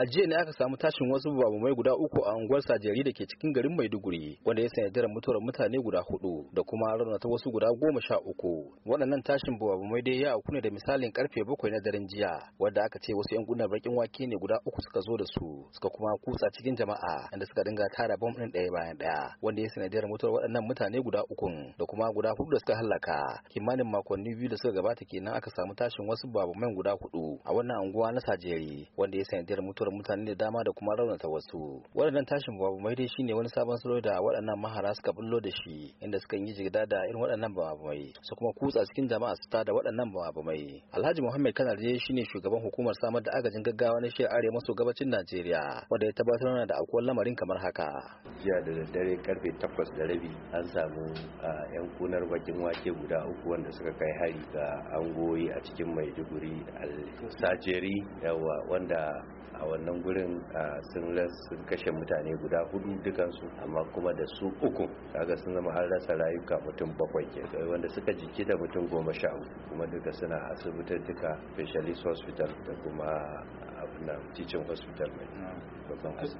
a jiya ne aka samu tashin wasu babamai guda uku a unguwar sajeri da ke cikin garin maiduguri wanda ya sanya jiran mutuwar mutane guda hudu da kuma ta wasu guda goma sha uku waɗannan tashin babamai dai ya auku ne da misalin karfe bakwai na daren jiya wanda aka ce wasu yan gudunar bakin wake ne guda uku suka zo da su suka kuma kusa cikin jama'a inda suka dinga tara bom ɗin ɗaya bayan ɗaya wanda ya sanya sanadiyar mutuwar waɗannan mutane guda uku da kuma guda hudu da suka halaka kimanin makonni biyu da suka gabata kenan aka samu tashin wasu babamai guda hudu a wannan unguwa na sajeri wanda ya jiran mutuwar mutuwar mutane da dama da kuma raunata wasu waɗannan tashin mai dai shine wani sabon salo da waɗannan mahara suka bullo da shi inda suka yi jigida da irin waɗannan babu-mai, su kuma kutsa cikin jama'a su ta da waɗannan babu-mai. alhaji muhammad kan alje shine shugaban hukumar samar da agajin gaggawa na shiyar arewa maso gabacin najeriya wanda ya tabbatar da akwai lamarin kamar haka jiya da daddare karfe takwas da rabi an samu yan kunar bakin wake guda uku wanda suka kai hari ga angoyi a cikin maiduguri al sajeri yawa wanda a wannan gurin sun kashe mutane guda hudu dukansu amma kuma da su uku kaga sun zama har rasa rayuka mutum bakwai ke wanda suka jiki da mutum goma sha uku kuma duka suna asibitin duka specialist hospital da kuma abin teaching hospital mai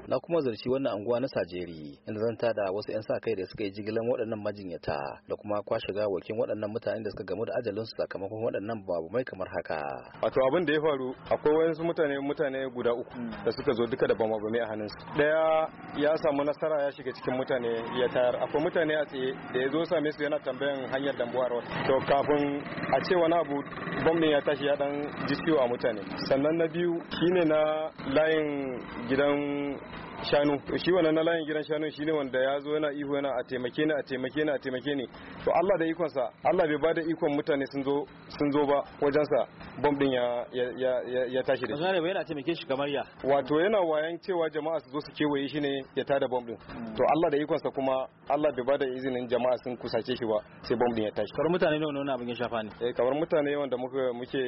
na kuma zarci wannan anguwa na sajeri inda zan tada wasu 'yan sa kai da suka yi jigilan waɗannan majinyata da kuma kwashe gawakin waɗannan mutane da suka gamu da ajalinsu sakamakon waɗannan babu mai kamar haka wato abin da ya faru akwai wayansu mutane mutane guda uku Mm. da suka zo duka da bama bame a su. daya ya samu nasara ya shiga cikin mutane ya tayar akwai mutane a tsaye da ya zo same su yana tambayan hanyar dambuwa road to kafin a ce wani abu bom ya tashi ya dan ji ciwo a mutane sannan na biyu shine na layin gidan shanu to shi wannan na layin gidan shanu shine wanda ya zo yana ihu yana a taimake ni a taimake ni a taimake ni to Allah da ikon sa Allah bai bada ikon mutane sun zo sun zo ba wajen sa bom din ya ya ya tashi da shi yana taimake shi kamar ya wato yana wayan cewa jama'a su zo su kewaye shi ne ya tada bom din to Allah da ikon sa kuma Allah bai bada izinin jama'a sun kusace shi ba sai bom din ya tashi kamar mutane ne wannan abin ya shafa ne eh kamar mutane wanda muke muke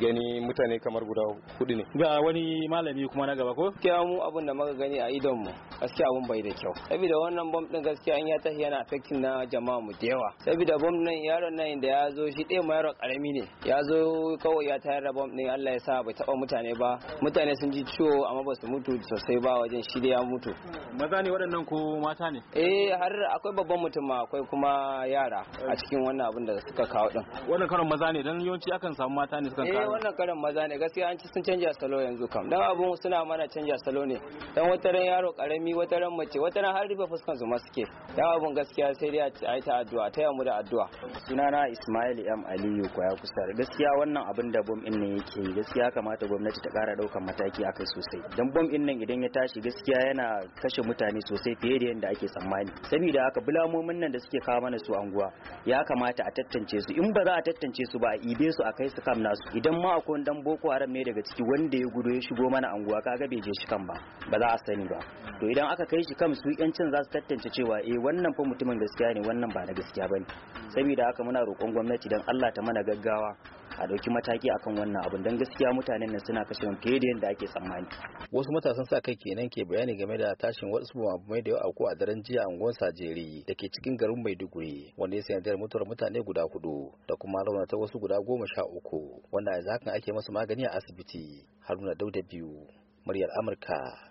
gani mutane kamar guda hudu ne ga wani malami kuma na gaba ko kiyamu abin da muka gani a idon mu gaskiya abun bai da kyau saboda wannan bom din gaskiya an ya tashi yana affecting na jama'a mu da yawa saboda bom nan yaron nan da ya zo shi dai ma yaron karami ne ya zo kawai ya tayar da bom din Allah ya sa bai taba mutane ba mutane sun ji ciwo amma ba su mutu sosai ba wajen shi da ya mutu maza ne waɗannan ko mata ne eh har akwai babban mutum ma akwai kuma yara a cikin wannan abin da suka kawo din wannan karon maza ne dan yawanci akan samu mata ne suka eh, kawo eh wannan karon maza ne gaskiya an ci sun canja salo yanzu kam dan abun suna mana canja salo ne dan wata ran yaro karami wata ran mace wata ran har rufe fuskan su ma suke yawa abun gaskiya sai dai a yi ta addu'a ta yamu da addu'a sunana Ismail M Aliyu kwaya kusa gaskiya wannan abin da bom din ne yake gaskiya kamata gwamnati ta kara daukan mataki akai sosai dan bom din nan idan ya tashi gaskiya yana kashe mutane sosai fiye da yadda ake tsammani saboda haka bulamomin nan da suke kawo mana su anguwa ya kamata a tattance su in ba za a tattance su ba a ibe su a kai su kam nasu idan ma akwai dan boko haram ne daga ciki wanda ya gudo ya shigo mana anguwa kaga bai je shi kan ba ba za a sani ba gaskiya to idan aka kai shi kam su yancin za su tattance cewa eh wannan fa mutumin gaskiya ne wannan ba na gaskiya bane saboda haka muna roƙon gwamnati dan Allah ta mana gaggawa a ɗauki mataki akan wannan abun dan gaskiya mutanen nan suna kashe fiye da yadda ake tsammani. Wasu matasan sa kai kenan ke bayani game da tashin wasu mai da yau a daren jiya a unguwar Sajeri da ke cikin garin Maiduguri wanda ya sanadiyar mutuwar mutane guda hudu da kuma raunata wasu guda goma sha uku wanda yanzu hakan ake masu magani a asibiti Haruna Dauda biyu muryar Amurka